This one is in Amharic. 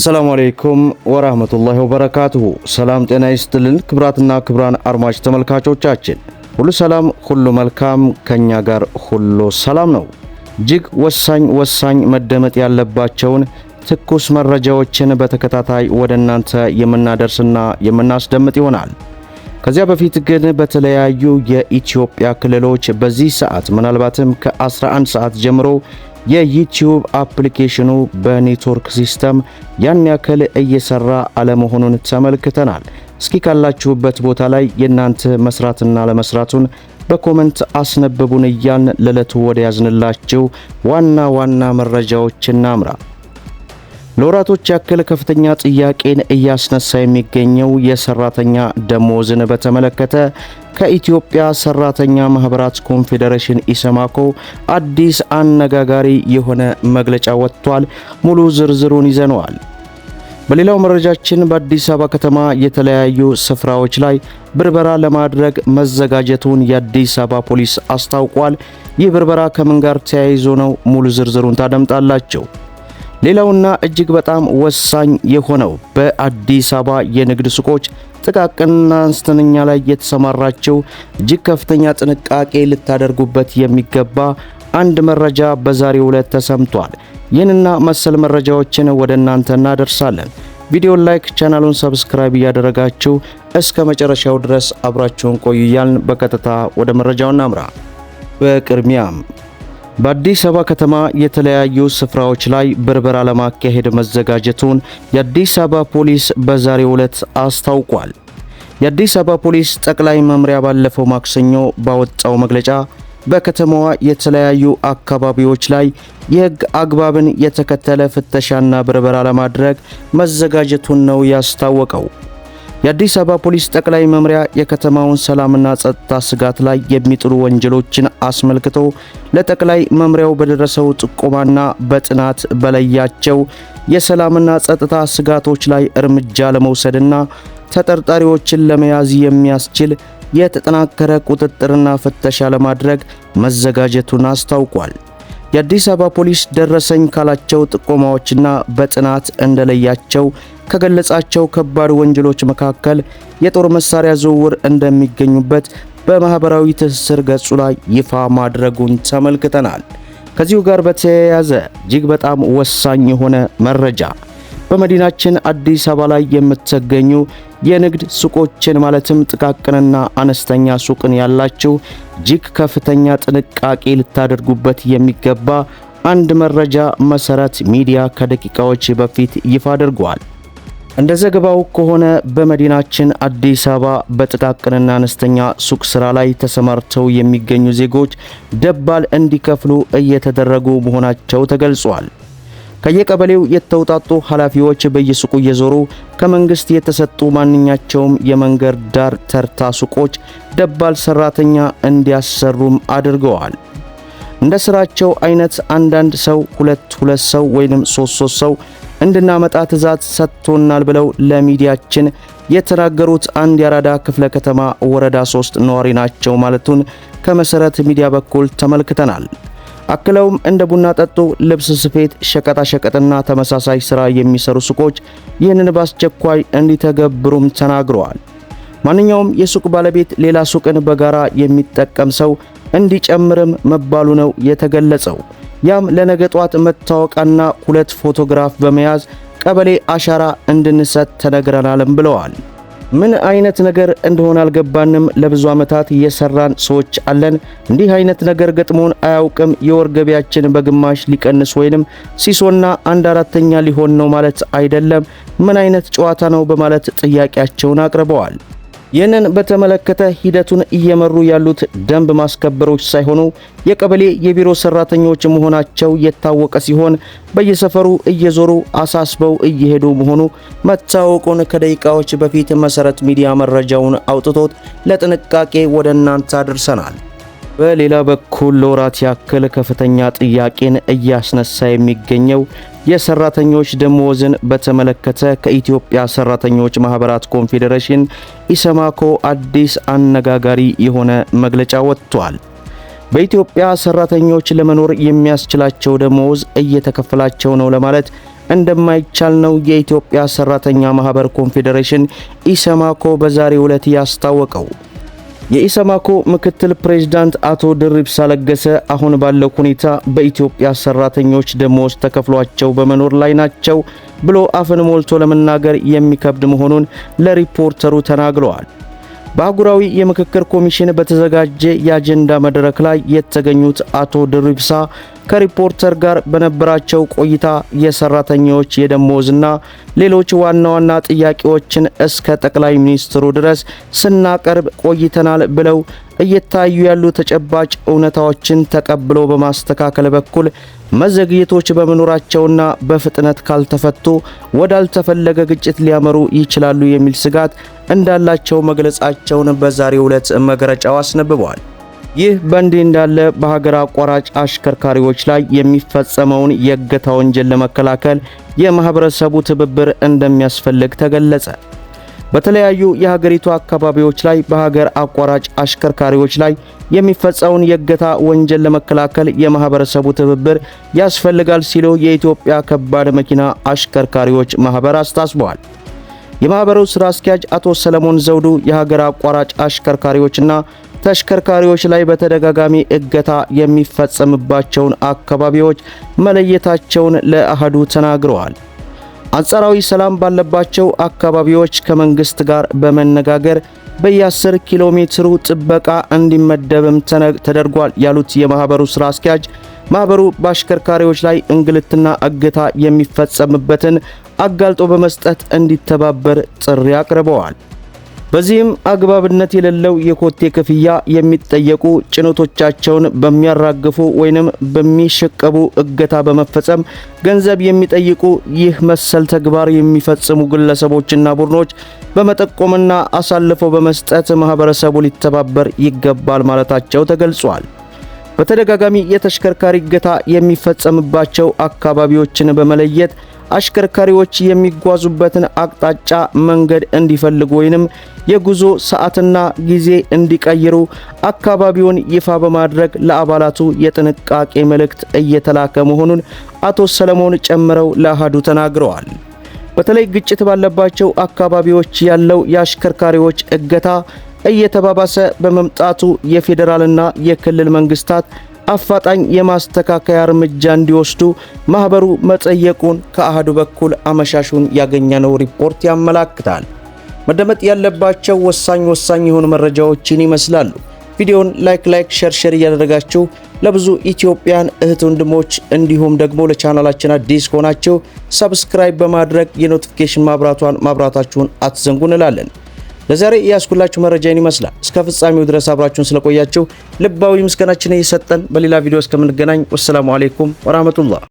አሰላሙ አለይኩም ወራህመቱላሂ ወበረካቱሁ። ሰላም ጤና ይስጥልን። ክብራትና ክብራን አድማጭ ተመልካቾቻችን ሁሉ ሰላም፣ ሁሉ መልካም፣ ከኛ ጋር ሁሉ ሰላም ነው። እጅግ ወሳኝ ወሳኝ መደመጥ ያለባቸውን ትኩስ መረጃዎችን በተከታታይ ወደ እናንተ የምናደርስና የምናስደምጥ ይሆናል። ከዚያ በፊት ግን በተለያዩ የኢትዮጵያ ክልሎች በዚህ ሰዓት ምናልባትም ከ11 ሰዓት ጀምሮ የዩቲዩብ አፕሊኬሽኑ በኔትወርክ ሲስተም ያን ያክል እየሰራ አለመሆኑን ተመልክተናል። እስኪ ካላችሁበት ቦታ ላይ የእናንተ መስራትና ለመስራቱን በኮመንት አስነብቡን እያልን ለዕለቱ ወደ ያዝንላችሁ ዋና ዋና መረጃዎች እናምራ። ለወራቶች ያክል ከፍተኛ ጥያቄን እያስነሳ የሚገኘው የሰራተኛ ደሞዝን በተመለከተ ከኢትዮጵያ ሰራተኛ ማህበራት ኮንፌዴሬሽን ኢሰማኮ አዲስ አነጋጋሪ የሆነ መግለጫ ወጥቷል። ሙሉ ዝርዝሩን ይዘነዋል። በሌላው መረጃችን በአዲስ አበባ ከተማ የተለያዩ ስፍራዎች ላይ ብርበራ ለማድረግ መዘጋጀቱን የአዲስ አበባ ፖሊስ አስታውቋል። ይህ ብርበራ ከምን ጋር ተያይዞ ነው? ሙሉ ዝርዝሩን ታደምጣላቸው። ሌላውና እጅግ በጣም ወሳኝ የሆነው በአዲስ አበባ የንግድ ሱቆች ጥቃቅንና አነስተኛ ላይ የተሰማራቸው እጅግ ከፍተኛ ጥንቃቄ ልታደርጉበት የሚገባ አንድ መረጃ በዛሬው ዕለት ተሰምቷል። ይህንና መሰል መረጃዎችን ወደ እናንተ እናደርሳለን። ቪዲዮን ላይክ፣ ቻናሉን ሰብስክራይብ እያደረጋችሁ እስከ መጨረሻው ድረስ አብራችሁን ቆዩ እያልን በቀጥታ ወደ መረጃው እናምራ። በቅድሚያም በአዲስ አበባ ከተማ የተለያዩ ስፍራዎች ላይ ብርበራ ለማካሄድ መዘጋጀቱን የአዲስ አበባ ፖሊስ በዛሬው ዕለት አስታውቋል። የአዲስ አበባ ፖሊስ ጠቅላይ መምሪያ ባለፈው ማክሰኞ ባወጣው መግለጫ በከተማዋ የተለያዩ አካባቢዎች ላይ የሕግ አግባብን የተከተለ ፍተሻና ብርበራ ለማድረግ መዘጋጀቱን ነው ያስታወቀው። የአዲስ አበባ ፖሊስ ጠቅላይ መምሪያ የከተማውን ሰላምና ጸጥታ ስጋት ላይ የሚጥሉ ወንጀሎችን አስመልክቶ ለጠቅላይ መምሪያው በደረሰው ጥቆማና በጥናት በለያቸው የሰላምና ጸጥታ ስጋቶች ላይ እርምጃ ለመውሰድና ተጠርጣሪዎችን ለመያዝ የሚያስችል የተጠናከረ ቁጥጥርና ፍተሻ ለማድረግ መዘጋጀቱን አስታውቋል። የአዲስ አበባ ፖሊስ ደረሰኝ ካላቸው ጥቆማዎችና በጥናት እንደለያቸው ከገለጻቸው ከባድ ወንጀሎች መካከል የጦር መሳሪያ ዝውውር እንደሚገኙበት በማህበራዊ ትስስር ገጹ ላይ ይፋ ማድረጉን ተመልክተናል። ከዚሁ ጋር በተያያዘ እጅግ በጣም ወሳኝ የሆነ መረጃ በመዲናችን አዲስ አበባ ላይ የምትገኙ የንግድ ሱቆችን ማለትም ጥቃቅንና አነስተኛ ሱቅን ያላችሁ እጅግ ከፍተኛ ጥንቃቄ ልታደርጉበት የሚገባ አንድ መረጃ መሰረት ሚዲያ ከደቂቃዎች በፊት ይፋ አድርጓል። እንደ ዘገባው ከሆነ በመዲናችን አዲስ አበባ በጥቃቅንና አነስተኛ ሱቅ ስራ ላይ ተሰማርተው የሚገኙ ዜጎች ደባል እንዲከፍሉ እየተደረጉ መሆናቸው ተገልጿል። ከየቀበሌው የተውጣጡ ኃላፊዎች በየሱቁ እየዞሩ ከመንግስት የተሰጡ ማንኛቸውም የመንገድ ዳር ተርታ ሱቆች ደባል ሰራተኛ እንዲያሰሩም አድርገዋል። እንደ ስራቸው አይነት አንዳንድ ሰው ሁለት ሁለት ሰው ወይንም ሶስት ሶስት ሰው እንድናመጣ ትዕዛዝ ሰጥቶናል ብለው ለሚዲያችን የተናገሩት አንድ የአራዳ ክፍለ ከተማ ወረዳ 3 ነዋሪ ናቸው ማለቱን ከመሰረት ሚዲያ በኩል ተመልክተናል። አክለውም እንደ ቡና ጠጡ፣ ልብስ ስፌት፣ ሸቀጣሸቀጥና ተመሳሳይ ሥራ የሚሰሩ ሱቆች ይህንን በአስቸኳይ እንዲተገብሩም ተናግረዋል። ማንኛውም የሱቅ ባለቤት ሌላ ሱቅን በጋራ የሚጠቀም ሰው እንዲጨምርም መባሉ ነው የተገለጸው። ያም ለነገ ጧት መታወቂያና ሁለት ፎቶግራፍ በመያዝ ቀበሌ አሻራ እንድንሰጥ ተነግረናልም ብለዋል። ምን አይነት ነገር እንደሆነ አልገባንም። ለብዙ ዓመታት የሰራን ሰዎች አለን። እንዲህ አይነት ነገር ገጥሞን አያውቅም። የወር ገቢያችን በግማሽ ሊቀንስ ወይንም ሲሶና አንድ አራተኛ ሊሆን ነው ማለት አይደለም። ምን አይነት ጨዋታ ነው በማለት ጥያቄያቸውን አቅርበዋል። ይህንን በተመለከተ ሂደቱን እየመሩ ያሉት ደንብ ማስከበሮች ሳይሆኑ የቀበሌ የቢሮ ሰራተኞች መሆናቸው የታወቀ ሲሆን በየሰፈሩ እየዞሩ አሳስበው እየሄዱ መሆኑ መታወቁን ከደቂቃዎች በፊት መሰረት ሚዲያ መረጃውን አውጥቶት ለጥንቃቄ ወደ እናንተ አድርሰናል። በሌላ በኩል ለወራት ያክል ከፍተኛ ጥያቄን እያስነሳ የሚገኘው የሰራተኞች ደሞዝን በተመለከተ ከኢትዮጵያ ሰራተኞች ማህበራት ኮንፌዴሬሽን ኢሰማኮ አዲስ አነጋጋሪ የሆነ መግለጫ ወጥቷል። በኢትዮጵያ ሰራተኞች ለመኖር የሚያስችላቸው ደሞዝ እየተከፈላቸው ነው ለማለት እንደማይቻል ነው የኢትዮጵያ ሰራተኛ ማህበር ኮንፌዴሬሽን ኢሰማኮ በዛሬው ዕለት ያስታወቀው። የኢሰማኮ ምክትል ፕሬዝዳንት አቶ ድሪብ ለገሰ አሁን ባለው ሁኔታ በኢትዮጵያ ሰራተኞች ደሞዝ ተከፍሏቸው በመኖር ላይ ናቸው ብሎ አፍን ሞልቶ ለመናገር የሚከብድ መሆኑን ለሪፖርተሩ ተናግረዋል። በአህጉራዊ የምክክር ኮሚሽን በተዘጋጀ የአጀንዳ መድረክ ላይ የተገኙት አቶ ድሪብሳ ከሪፖርተር ጋር በነበራቸው ቆይታ የሰራተኞች የደሞዝና ሌሎች ዋና ዋና ጥያቄዎችን እስከ ጠቅላይ ሚኒስትሩ ድረስ ስናቀርብ ቆይተናል ብለው እየታዩ ያሉ ተጨባጭ እውነታዎችን ተቀብሎ በማስተካከል በኩል መዘግየቶች በመኖራቸውና በፍጥነት ካልተፈቱ ወዳልተፈለገ ግጭት ሊያመሩ ይችላሉ የሚል ስጋት እንዳላቸው መግለጻቸውን በዛሬው ዕለት መግለጫው አስነብበዋል። ይህ በእንዲህ እንዳለ በሀገር አቋራጭ አሽከርካሪዎች ላይ የሚፈጸመውን የእገታ ወንጀል ለመከላከል የማህበረሰቡ ትብብር እንደሚያስፈልግ ተገለጸ። በተለያዩ የሀገሪቱ አካባቢዎች ላይ በሀገር አቋራጭ አሽከርካሪዎች ላይ የሚፈጸውን የእገታ ወንጀል ለመከላከል የማህበረሰቡ ትብብር ያስፈልጋል ሲሉ የኢትዮጵያ ከባድ መኪና አሽከርካሪዎች ማህበር አስታስበዋል። የማህበሩ ስራ አስኪያጅ አቶ ሰለሞን ዘውዱ የሀገር አቋራጭ አሽከርካሪዎችና ተሽከርካሪዎች ላይ በተደጋጋሚ እገታ የሚፈጸምባቸውን አካባቢዎች መለየታቸውን ለአህዱ ተናግረዋል። አንጻራዊ ሰላም ባለባቸው አካባቢዎች ከመንግስት ጋር በመነጋገር በየ10 ኪሎ ሜትሩ ጥበቃ እንዲመደብም ተደርጓል ያሉት የማህበሩ ስራ አስኪያጅ ማህበሩ በአሽከርካሪዎች ላይ እንግልትና እገታ የሚፈጸምበትን አጋልጦ በመስጠት እንዲተባበር ጥሪ አቅርበዋል። በዚህም አግባብነት የሌለው የኮቴ ክፍያ የሚጠየቁ ጭነቶቻቸውን በሚያራግፉ ወይንም በሚሸቀቡ እገታ በመፈጸም ገንዘብ የሚጠይቁ ይህ መሰል ተግባር የሚፈጽሙ ግለሰቦችና ቡድኖች በመጠቆምና አሳልፈው በመስጠት ማህበረሰቡ ሊተባበር ይገባል ማለታቸው ተገልጿል። በተደጋጋሚ የተሽከርካሪ እገታ የሚፈጸምባቸው አካባቢዎችን በመለየት አሽከርካሪዎች የሚጓዙበትን አቅጣጫ መንገድ እንዲፈልጉ ወይንም የጉዞ ሰዓትና ጊዜ እንዲቀይሩ አካባቢውን ይፋ በማድረግ ለአባላቱ የጥንቃቄ መልእክት እየተላከ መሆኑን አቶ ሰለሞን ጨምረው ለአሃዱ ተናግረዋል። በተለይ ግጭት ባለባቸው አካባቢዎች ያለው የአሽከርካሪዎች እገታ እየተባባሰ በመምጣቱ የፌዴራልና የክልል መንግስታት አፋጣኝ የማስተካከያ እርምጃ እንዲወስዱ ማኅበሩ መጠየቁን ከአህዱ በኩል አመሻሹን ያገኘነው ሪፖርት ያመላክታል። መደመጥ ያለባቸው ወሳኝ ወሳኝ የሆኑ መረጃዎችን ይመስላሉ። ቪዲዮን ላይክ ላይክ ሸር ሸር እያደረጋችሁ ለብዙ ኢትዮጵያን እህት ወንድሞች እንዲሁም ደግሞ ለቻናላችን አዲስ ሆናችሁ ሰብስክራይብ በማድረግ የኖቲፊኬሽን ማብራቷን ማብራታችሁን አትዘንጉ እንላለን። ለዛሬ ያስኩላችሁ መረጃ ይመስላል። እስከ ፍጻሜው ድረስ አብራችሁን ስለቆያችሁ ልባዊ ምስጋናችን እየሰጠን በሌላ ቪዲዮ እስከምንገናኝ ወሰላሙ አሌይኩም ወራህመቱላህ